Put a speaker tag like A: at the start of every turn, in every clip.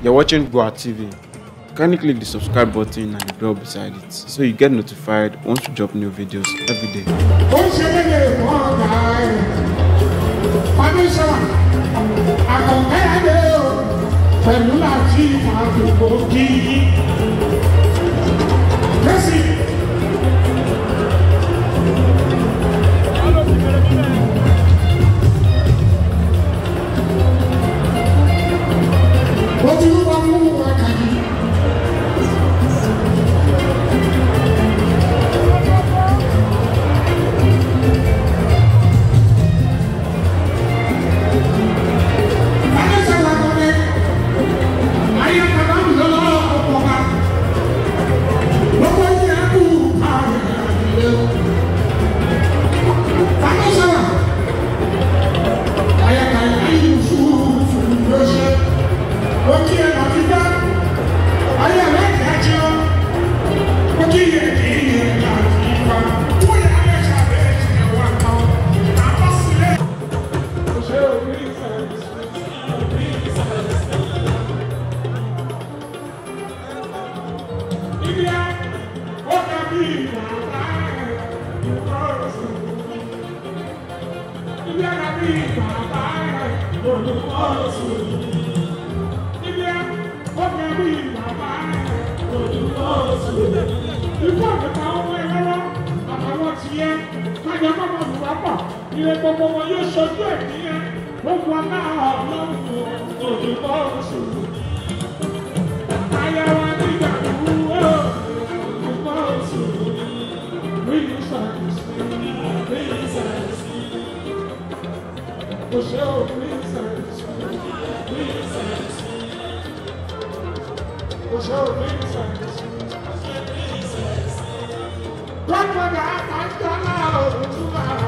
A: You're watching Goa TV. Kindly click the subscribe button and the bell beside it so you get notified once we drop new videos every day. Pẹ̀lú àti oh, gbogbo wọn yóò ṣojú ẹ̀ nìyẹn gbogbo náà ọlọ́run òdìbò òṣèlú. ayáwá nígbà kú òdìbò òṣèlú ríyí sàrìsì ríyí sàrìsì. kò ṣe òkú. Black women, I like the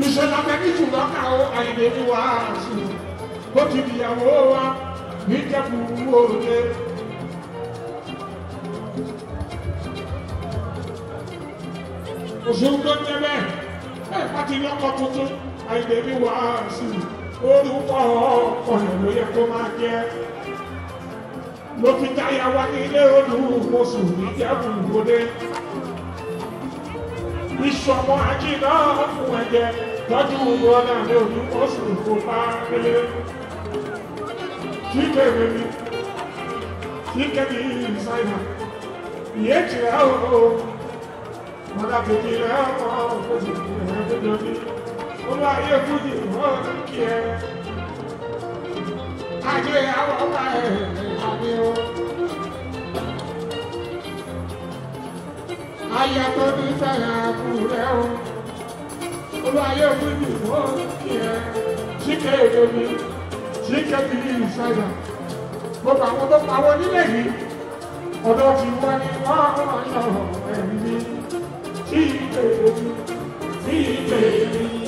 A: níṣẹ́ lábẹ́bí jù lọ́kà ó àyè ní wàásù ó ti dìyàwó wa níjẹ̀bù òde. òṣèlú tó ń jẹ bẹ́ẹ̀ ẹ̀ pàtí lọ́kọ̀ tuntun àyè ní wàásù orúkọ ọ̀nà ló yẹ kó máa jẹ́ ló fi táyà wá ilé olùwòsàn níjẹ̀bù òde. Ìṣọ̀mọ́ ajínáà fún ẹ̀jẹ̀ dájú gbogbo ọ̀nà àmì òdú ó sì kó pa pélé tí kèrè mi tí kèrè yìí sáyà ìyé tìrẹ ọ̀rọ̀ mọ̀dà tètè rẹ ọ̀rọ̀ fòjì rẹ fòjì mi olú ayé fújì ọ̀rọ̀ kí ẹ
B: ajé àwọn ọba ẹ̀ àmì o.
A: Ayatollah Sara kúrẹ́ o olùwàyè òkúdù ó yẹ síkè èdè mi síkè mi ní ìṣẹ̀dá gbogbo àwọn tó pawọ́ nílẹ̀ yìí ọ̀dọ́ ti wá ní wọ́n ọ̀yọ́ ẹ̀mí sí ìpè mi sí ìpè mi.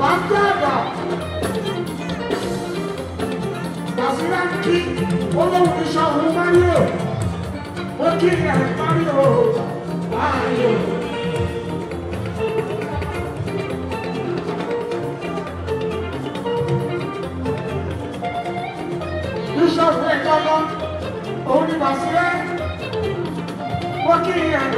A: wà á gbé àgbà. Bàṣírá ń kí olóhùn fi ṣọ̀hún Máríò. Ó kí ìrìn Máríò Máríò. Bíṣọ̀pù ẹ̀ka lọ, òun ni Bàṣírá. Ó kí ìrìn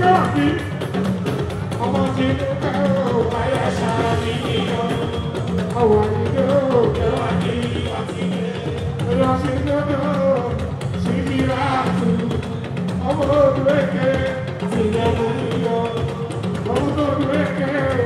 A: Kẹ́hàfí ọmọ ti dúpẹ́ o ayé ṣáà ní ìyọ ọwọ́ ìdó kẹwàá ní ìwà ti dé ẹ̀yọ́ sí dúdú sí ìrà àtú ọmọ òdúrẹ́kẹ́ ti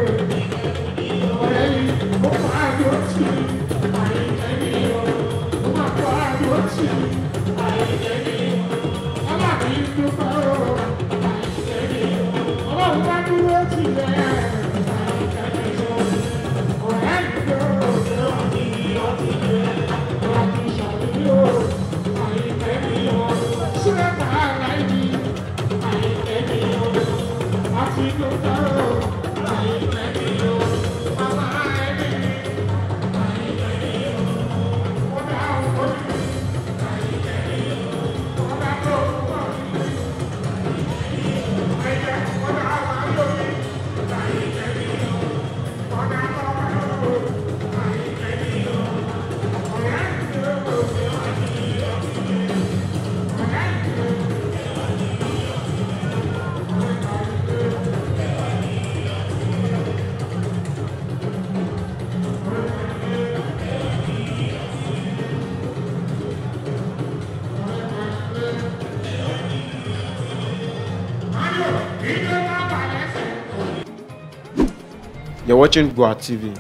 A: You're watching Goa TV.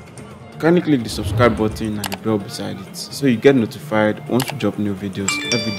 A: Kindly click the subscribe button and the bell beside it so you get notified once we drop new videos every day.